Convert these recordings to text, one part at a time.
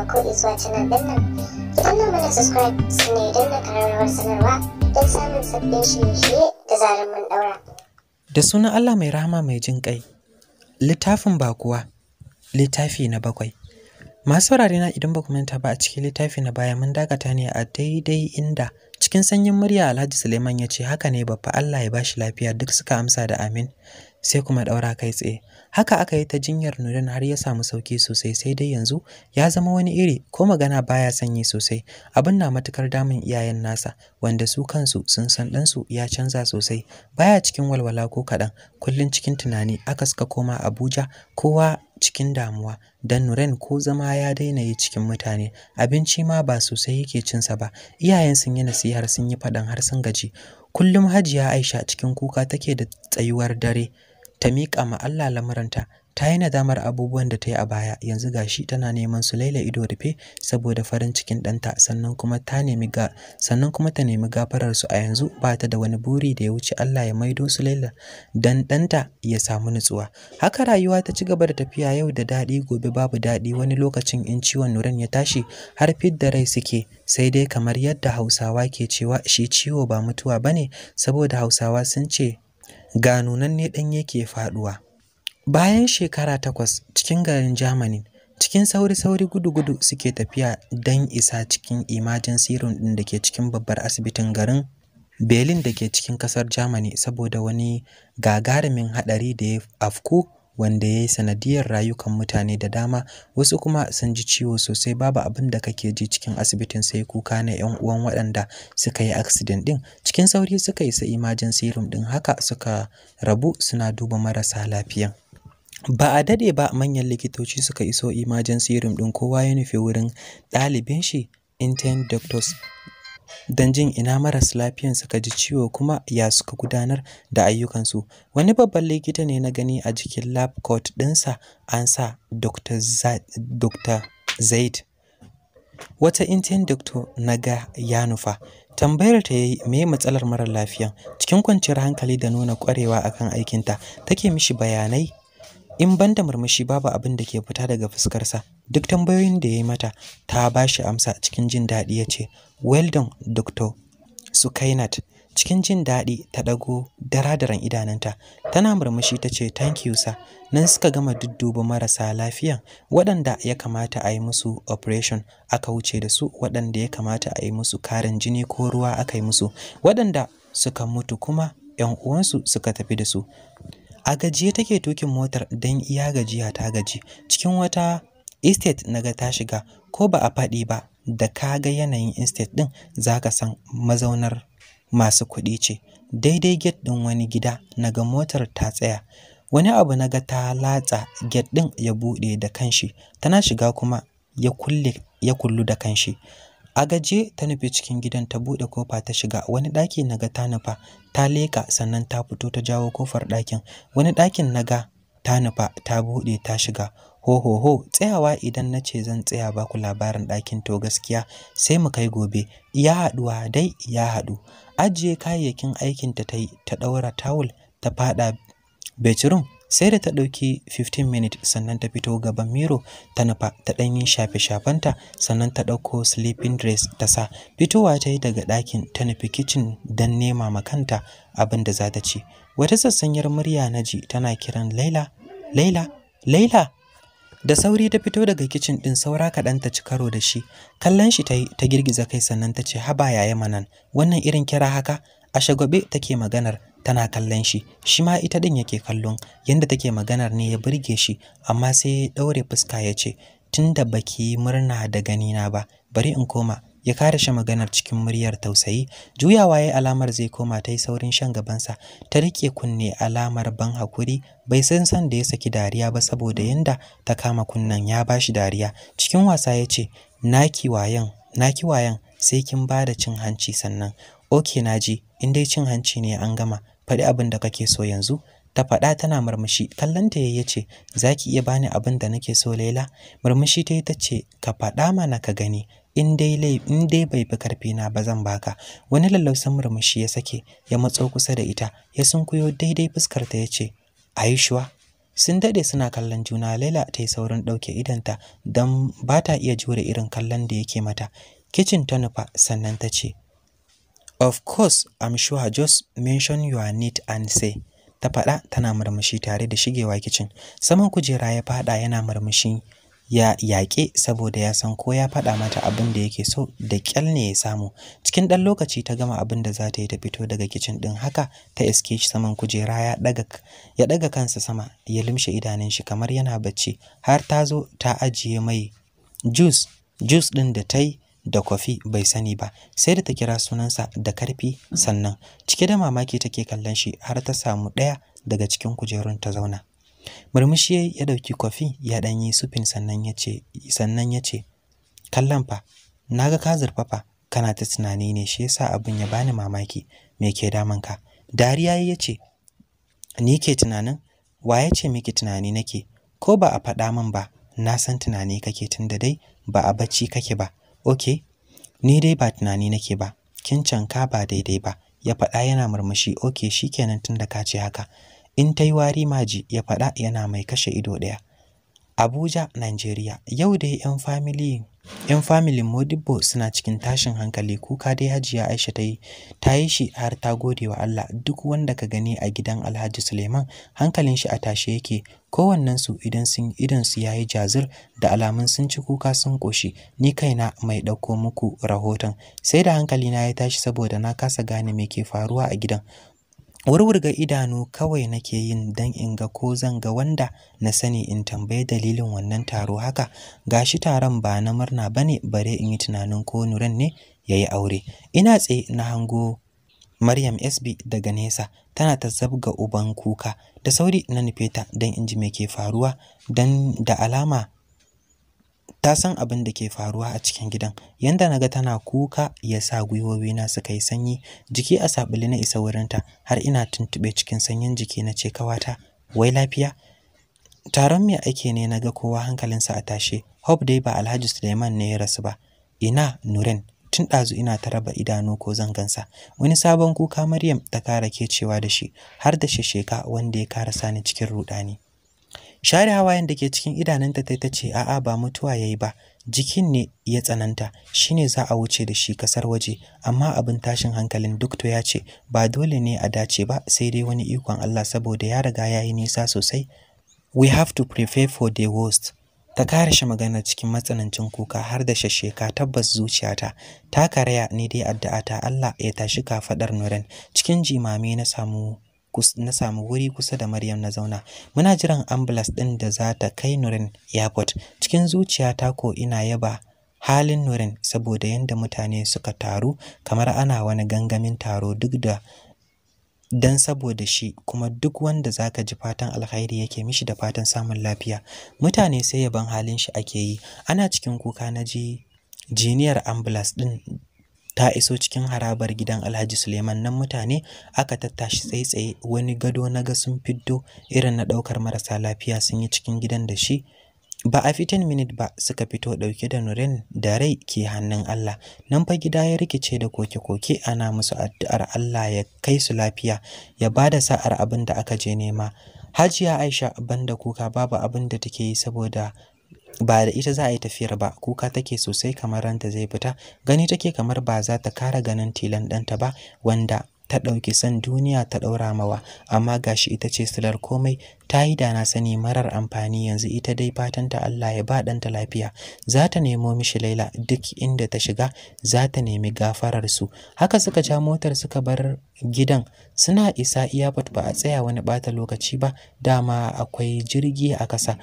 nan subscribe sanarwa don samun sabbin shirye da zarar sunan Allah mai rahama mai jin kai littafin bakuwa littafi na bakwai masu wurare na idan ba manta ba a cikin littafi na baya mun dakata ne a daidai inda cikin sanyin murya Alhaji Suleiman ya ce haka ne babba Allah ya bashi lafiya duk suka amsa da amin sai kuma daura kai tsaye haka aka yi ta jinyar Nuren har ya samu sauki sosai sai dai yanzu ya zama wani iri ko magana baya sanyi sosai abin na matukar damun iyayen nasa wanda su kansu sun san ɗansu ya canza sosai baya cikin walwala ko kaɗan kullum cikin tunani aka suka koma abuja kowa cikin damuwa dan Nuren ko zama ya daina yi cikin mutane abinci ma ba sosai yake cinsa ba iyayen sun yi nasihar sun yi faɗan har sun gaji kullum hajiya aisha cikin kuka take da tsayuwar dare ta miƙa ma Allah lamuranta ta yi nadamar abubuwan da ta yi a baya yanzu ga shi tana neman su laila ido rufe saboda farin cikin ɗanta sannan kuma ta nemi ga gafarar su a yanzu ba ta da wani buri da ya wuce Allah ya maido su laila dan ɗanta ya samu nutsuwa haka rayuwa ta ci gaba da tafiya yau da daɗi gobe babu daɗi wani lokacin in ciwon nuran ya tashi har fidda rai suke sai dai kamar yadda Hausawa ke cewa shi ciwo ba mutuwa bane saboda Hausawa sun ce ga nunanne ɗanye ke faɗuwa. Bayan shekara takwas cikin garin Germany, cikin sauri-sauri gudu-gudu suke tafiya don isa cikin imajin room ɗin da ke cikin babbar asibitin garin Berlin da ke cikin ƙasar Germany saboda wani gagarumin haɗari da ya afku wanda ya yi sanadiyar rayukan mutane da dama wasu kuma sun ji ciwo sosai babu abin da kake ji cikin asibitin sai kuka na 'yan uwan waɗanda suka yi accident ɗin cikin sauri suka isa emergency room ɗin haka suka rabu suna duba marasa lafiyan. Ba a dade ba manyan likitoci suka iso emergency room ɗin kowa ya nufi wurin ɗalibin shi intern doctors don jin ina maras lafiyan suka ji ciwo kuma ya suka gudanar da ayyukansu. Wani babban likita ne na gani a jikin lab coat ɗinsa an sa Dr. Zaid. Wata intern doctor na ga ya nufa. Tambayar ta yi me matsalar marar lafiyan cikin kwanciyar hankali da nuna ƙwarewa akan aikinta take mishi bayanai in banda murmushi babu abin da ke fita daga fuskarsa Duk tambayoyin da ya yi mata ta ba shi amsa cikin jin daɗi ya ce, Well done, Dr. Sukainat. Cikin jin daɗi ta ɗago daradaran idanunta, tana murmushi ta ce, Thank you, sir. Nan suka gama dudduba marasa lafiyan. waɗanda ya kamata a yi musu operation aka wuce da su waɗanda ya kamata a yi musu karin jini ko ruwa aka yi musu waɗanda suka mutu kuma 'yan uwansu suka tafi da su. a gajiye take tukin motar don iya gajiya ta gaji cikin wata estate naga ta shiga ko ba a faɗi ba da ka ga yanayin estate ɗin za ka san mazaunar masu kuɗi ce daidai gate ɗin wani gida na ga motar ta tsaya wani abu na ga ta latsa gate ɗin ya buɗe da kanshi tana shiga kuma ya ya kullu da kanshi a gaje ta nufi cikin gidan ta buɗe kofa ta shiga wani ɗaki naga ta nufa ta leƙa sannan ta fito ta jawo kofar ɗakin wani ɗakin naga ta nufa ta buɗe ta shiga ho ho ho tsayawa idan na ce zan tsaya baku labarin ɗakin to gaskiya sai mu kai gobe ya haɗuwa dai ya haɗu ajiye kayayyakin aikinta ta yi ta ɗaura tawul ta faɗa bedroom sai da ta ɗauki 15 minute sannan ta fito gaban miro ta nufa ta ɗan yin shafe-shafenta sannan ta ɗauko sleeping dress ta sa fitowa ta yi daga ɗakin ta nufi kitchen don nema kanta abin da za ta ci wata sassanyar murya na ji tana kiran laila laila laila Da sauri ta fito daga kicin ɗin saura kaɗan ta ci karo da shi. Kallon shi ta girgiza kai sannan ta ce haba yaya manan wannan irin kira haka a shagwabe take maganar tana kallon shi shi ma ita ɗin yake kallon yadda take maganar ne ya burge shi amma sai ya ɗaure fuska ya ce tun da baki murna da ganina ba bari in koma ya karashe maganar cikin muryar tausayi juyawa ya alamar zai koma ta yi saurin shan gabansa ta riƙe kunne alamar ban hakuri bai san san da ya saki dariya ba saboda yanda ta kama kunnen ya ba shi dariya cikin wasa ya ce naki wayan naki wayan sai kin ba da cin hanci sannan oke naji in dai cin hanci ne an gama faɗi abin da kake so yanzu ta faɗa tana murmushi kallonta ya ce zaki iya bani abin da nake so Laila murmushi ta yi tace ka faɗa mana ka gani in dai in dai bai fi karfi na ba zan baka wani lallausan murmushi ya sake ya matso kusa da ita ya sunkuyo daidai fuskar ta yace Aishwa sun dade suna kallon juna Laila ta yi saurin dauke idanta dan ba ta iya jure irin kallon da yake mata kitchen ta nufa sannan ta ce Of course I'm sure just mention your need and say ta faɗa tana murmushi tare da shigewa kicin saman kujera ya faɗa yana murmushi ya yaƙe saboda ya san ko ya faɗa mata abin da yake so da ƙyal ne ya samu cikin ɗan lokaci ta gama abin da za ta yi ta fito daga kicin ɗin haka ta iske shi saman kujera ya ɗaga ya ɗaga kansa sama ya limshe idanun shi kamar yana bacci har ta zo ta ajiye mai juice juice ɗin da ta yi da kwafi bai sani ba sai da ta kira sunansa da karfi sannan cike da mamaki take kallon shi har ta samu ɗaya daga cikin kujerun ta zauna murmushi ya ɗauki kwafi ya yi sufin sannan ya ce sannan ya ce kallon fa na ga ka zurfafa kana ta tunani ne shi yasa abin ya bani mamaki me ke ka? dariya ya ce ni ke tunanin wa ya ce miki tunani nake ko ba a faɗa min ba na san tunani kake tunda dai ba a bacci kake ba okay ni dai ba tunani nake ba kin ka ba daidai ba ya faɗa yana murmushi okay shikenan tunda ka ce haka in ta yi wari maji ya faɗa yana mai kashe ido ɗaya abuja nigeria yau dai 'yan family yan familin Modibo suna cikin tashin hankali kuka dai hajiya aisha ta yi ta yi shi har ta gode wa allah duk wanda ka gani a gidan alhaji suleiman hankalin shi a tashe yake kowannensu idan sun idan su yayi jazir da alamun sun ci kuka sun koshi ni kaina mai ɗauko muku rahoton sai da hankali na ya tashi saboda na kasa gane me ke faruwa a gidan Warwurga idanu kawai nake yin dan in ga ko zan ga wanda na sani in tambayi dalilin wannan taro haka gashi taron ba na murna bane bare in yi tunanin ko Nuran ne yayi aure. Ina tsaye na hango Maryam SB daga nesa tana ta zabga uban kuka da sauri na nufe ta don in ji me ke faruwa dan da alama ta san abin da ke faruwa a cikin gidan yanda naga tana kuka ya sa gwiwowina suka yi sanyi jiki a sabili na isa wurinta har ina tuntuɓe cikin sanyin jiki na ce kawata wai lafiya taron me ake ne naga kowa hankalinsa a tashe hope dai ba alhaji suleiman ne ya rasu ba ina nurin. tun ɗazu ina ta raba idanu ko zangansa wani sabon kuka maryam ta kara kecewa da shi har da shesheka wanda ya kara sani cikin ruɗani share hawayen da ke cikin idanunta ta ce a'a ba mutuwa yayi ba jikin ne ya tsananta shine za a wuce da shi kasar waje amma abin tashin hankalin dukto ya ce ba dole ne a dace ba sai dai wani ikon Allah saboda ya riga ya yi nisa sosai we have to prepare for the worst ta karshe magana cikin matsanancin kuka har da shasheka tabbas zuciyata ta karaya ne dai addu'ata Allah ya tashi kafaɗar nuran cikin jimami na samu na samu wuri kusa da Maryam na zauna. Muna jiran ambulance ɗin da za ta kai Nurin airport. Cikin zuciyata ko ina yaba halin Nurin saboda yadda mutane suka taru kamar ana wani gangamin taro duk da dan saboda shi kuma duk wanda zaka ji fatan alkhairi yake mishi da fatan samun lafiya mutane sai yaban halin shi ake yi ana cikin kuka na ji jiniyar ambulance din ta iso cikin harabar gidan Alhaji Suleiman nan mutane aka tattashi tsaitsaye wani gado na ga sun fiddo irin na ɗaukar marasa lafiya sun yi cikin gidan da shi ba a fitin Minit ba suka fito dauke da Nurin da rai ke hannun Allah nan fa gida ya rikice da koke-koke ana musu addu'ar Allah ya kai su lafiya ya bada sa'ar abin da aka je nema Hajiya Aisha banda kuka babu abin da take yi saboda ba da ita za a yi tafiyar ba kuka take sosai kamar ranta zai fita gani take kamar ba za ta kara ganin tilan ɗanta ba wanda ta ɗauki san duniya ta ɗaura mawa amma gashi ita ce silar komai ta yi da na sani marar amfani yanzu ita dai fatanta Allah ya ba ɗanta lafiya za ta nemo mishi laila duk inda ta shiga za ta nemi gafarar su haka suka ja motar suka bar gidan suna isa iyafat ba a tsaya wani bata lokaci ba dama akwai jirgi a ƙasa.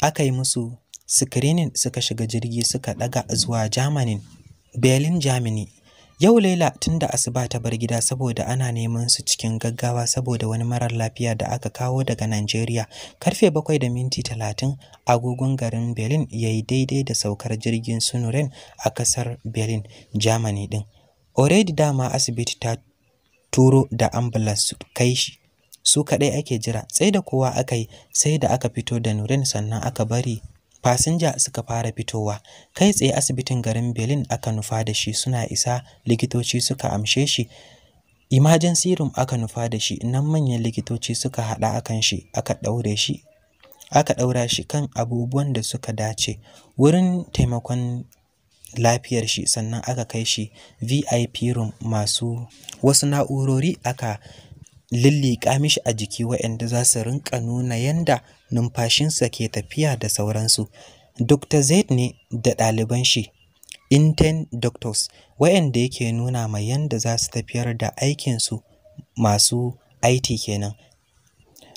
aka yi musu screening suka shiga jirgi suka daga zuwa Germany Berlin Germany yau Laila tunda asuba ta bar gida saboda ana neman su cikin gaggawa saboda wani marar lafiya da aka kawo daga Nigeria karfe 7 da minti 30 agogon garin Berlin ya yi daidai da saukar jirgin Sunuren a kasar Berlin Germany din already dama asibiti ta turo da ambulance kai shi su kaɗai ake jira sai da kowa aka yi sai da aka fito da nurin sannan aka bari fasinja suka fara fitowa kai tsaye asibitin garin berlin aka nufa da shi suna isa likitoci suka amshe shi emergency room aka nufa da shi nan manyan likitoci suka haɗa akan shi aka ɗaure shi aka ɗaura shi kan abubuwan da suka dace wurin taimakon lafiyar shi sannan aka kai shi vip room masu wasu na'urori aka lilliƙa mishi a jiki waɗanda za su rinƙa nuna yanda numfashinsa ke tafiya da sauransu. Dr. Zaid ne da ɗaliban shi, Inten Doctors, waɗanda yake nuna ma yanda za su tafiyar da aikinsu masu IT kenan.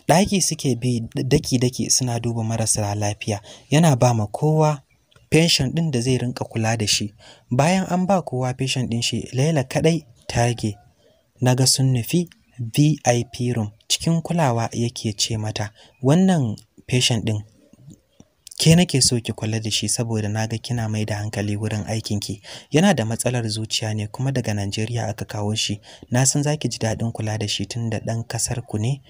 Ɗaki suke bi daki-daki suna duba marasa lafiya, yana ba ma kowa pension ɗin da zai rinka kula da shi. Bayan an ba kowa pension ɗin shi, Laila kaɗai ta rage. Naga sun nufi VIP room cikin kulawa yake ce mata wannan patient ɗin ke nake so ki kula da shi saboda naga kina mai da hankali wurin aikin ki? yana da matsalar zuciya ne kuma daga Najeriya aka kawo shi na san zaki ji dadin kula da shi tunda ɗan kasar ku ne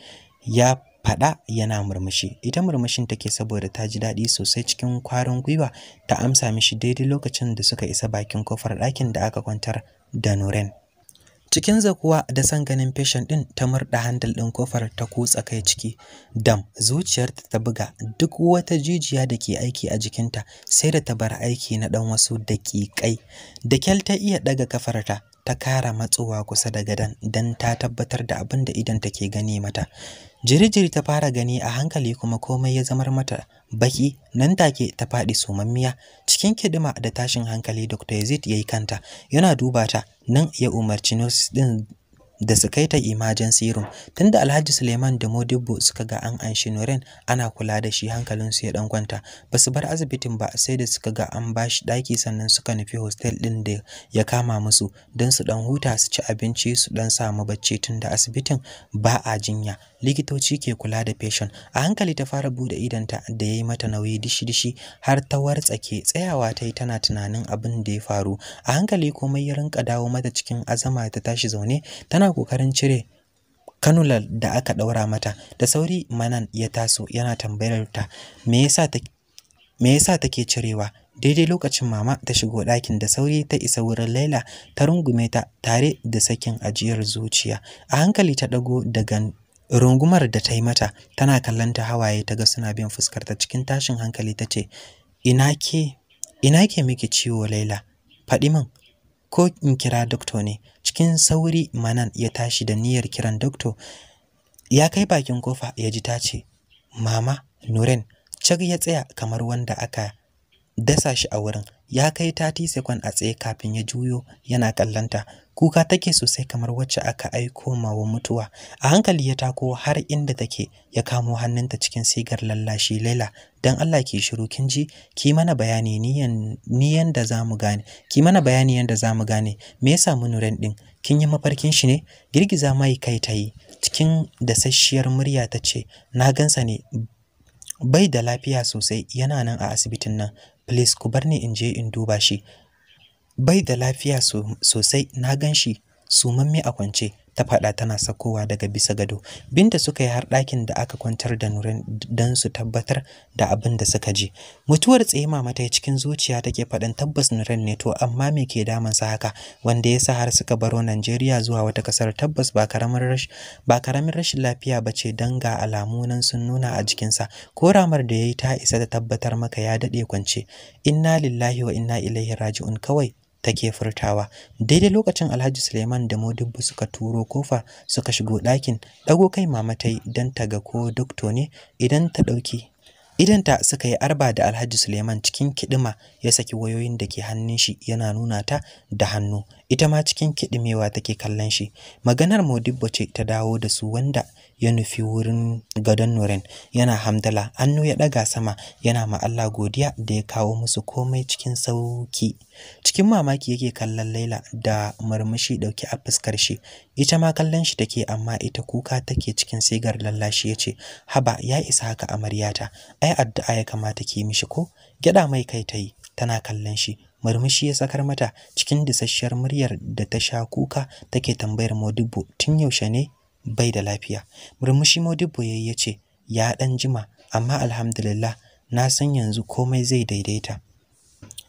ya faɗa yana murmushi ita murmushin take saboda ta ji daɗi sosai cikin kwarin gwiwa ta amsa mishi daidai lokacin da suka isa bakin kofar ɗakin da aka kwantar da noren. cikin zakuwa da san ganin feshin din ta murda handal din kofar ta kutsa kai ciki dam zuciyarta ta buga duk wata jijiya da ke aiki a jikinta sai da ta bar aiki na dan wasu daƙiƙai da kyal ta iya daga kafarta ta kara matsowa kusa da gadan dan ta tabbatar da abin da idan take gani mata jirijiri ta fara gani a hankali kuma komai ya zamar mata baki nan take ta faɗi somammiya cikin kidima da tashin hankali Dr. Yazid yayi kanta yana duba ta nan ya umarci nurse din da su kai ta emergency room tunda Alhaji Suleiman da Modibbo suka ga an anshi Nuren ana kula da shi hankalin su ya dan kwanta basu bar asibitin ba sai da suka ga an bashi daki sannan suka nufi hostel din da ya kama musu don su dan huta su ci abinci su dan samu bacci tunda asibitin ba a jinya likitoci ke kula da patient a hankali ta fara bude idanta da yayi mata nauyi dishi-dishi har ta wartsake tsayawa ta yi tana tunanin abin da ya faru a hankali komai ya rinka dawo mata cikin azama ta tashi zaune tana kokarin cire kanular da aka ɗaura mata da sauri manan ya taso yana tambayar ta me yasa ta take cirewa daidai lokacin mama ta shigo ɗakin da sauri ta isa wurin laila ta rungume ta tare da sakin ajiyar zuciya a hankali ta ɗago daga rungumar da ta yi mata tana kallon ta hawaye ta ga suna bin fuskar ta cikin tashin hankali ta ce ina ke ina ke miki ciwo laila faɗi min ko in kira dokto ne cikin sauri manan ya tashi da niyyar kiran dokto ya kai bakin kofa ya ji ta ce mama nuren cak ya tsaya kamar wanda aka dasa shi a wurin ya kai 30 second a tsaye kafin ya juyo yana kallanta kuka take sosai kamar wacce aka aiko mawa mutuwa a hankali ya tako har inda take ya kamo hannunta cikin sigar lallashi laila Don Allah ki shiru kin ji ki mana bayani niyan niyan da zamu gane ki mana bayani yanda zamu gane me yasa nuran din kin yi mafarkin shi ne girgiza mai kai tayi cikin dasasshiyar murya ta ce na gansa ne bai da lafiya sosai yana nan a asibitin nan please ku bar ni in je in duba shi bai da lafiya sosai na gan shi mamme a kwance ta faɗa tana sakowa daga bisa gado binta suka yi har ɗakin da aka kwantar da nurin don su tabbatar da abin da suka ji mutuwar tsaye mama cikin zuciya take faɗin tabbas nurin ne to amma me ke damun sa haka wanda ya sa har suka baro Najeriya zuwa wata ƙasar? tabbas ba karamin ba karamin rashin lafiya ba ce don ga alamu nan sun nuna a jikinsa ko ramar da ya yi ta isa ta tabbatar maka ya daɗe kwance inna lillahi wa inna ilaihi raji'un kawai take furtawa daidai lokacin Alhaji Suleiman da Modibbo suka turo kofa suka shigo ɗakin dago kai mama tai dan ta ga ko dokto ne idan ta dauki idan ta suka yi arba da Alhaji Suleiman cikin kidima ya saki wayoyin da ke hannun shi yana nuna ta da hannu ita ma cikin kidimewa take kallon shi maganar Modibbo ce ta dawo da su wanda ya nufi wurin gadon Nurin yana hamdala hannu ya ɗaga sama yana ma Allah godiya da ya kawo musu komai cikin sauki cikin mamaki yake kallon Laila da murmushi ɗauke a fuskar shi ita ma kallon shi take amma ita kuka take cikin sigar lallashi ya ce. haba ya isa haka amaryata ai addu'a ya kamata ki mishi ko Gyaɗa mai kai tayi tana kallon shi murmushi ya sakar mata cikin disasshiyar muryar da ta sha kuka take tambayar Modibo tun yaushe ne bai da lafiya murmushi modibbo yayi ya ce ya ɗan jima amma alhamdulillah na san yanzu komai zai daidaita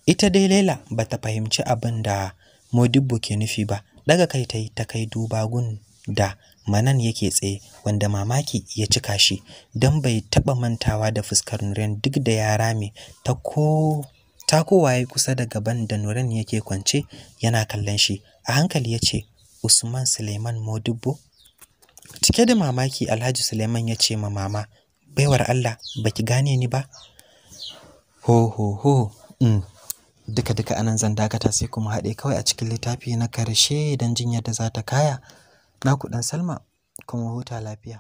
ita dai laila ba ta fahimci abin da modibbo ke nufi ba daga kai ta yi ta kai duba gun da manan yake tsaye wanda mamaki ya cika shi don bai taɓa mantawa da fuskar nuren duk da ya rame ta ko ta kusa da gaban da nuren yake kwance yana kallon shi a hankali ya ce usman suleiman modibbo Cike da mamaki Alhaji Suleiman ya ce ma mama, baiwar Allah baki gane ni ba? Ho ho ho, mm. duka duka anan zan dakata sai kuma haɗe kawai a cikin littafi na karshe don jinyar da za ta kaya. Na kuɗin Salma kuma huta lafiya.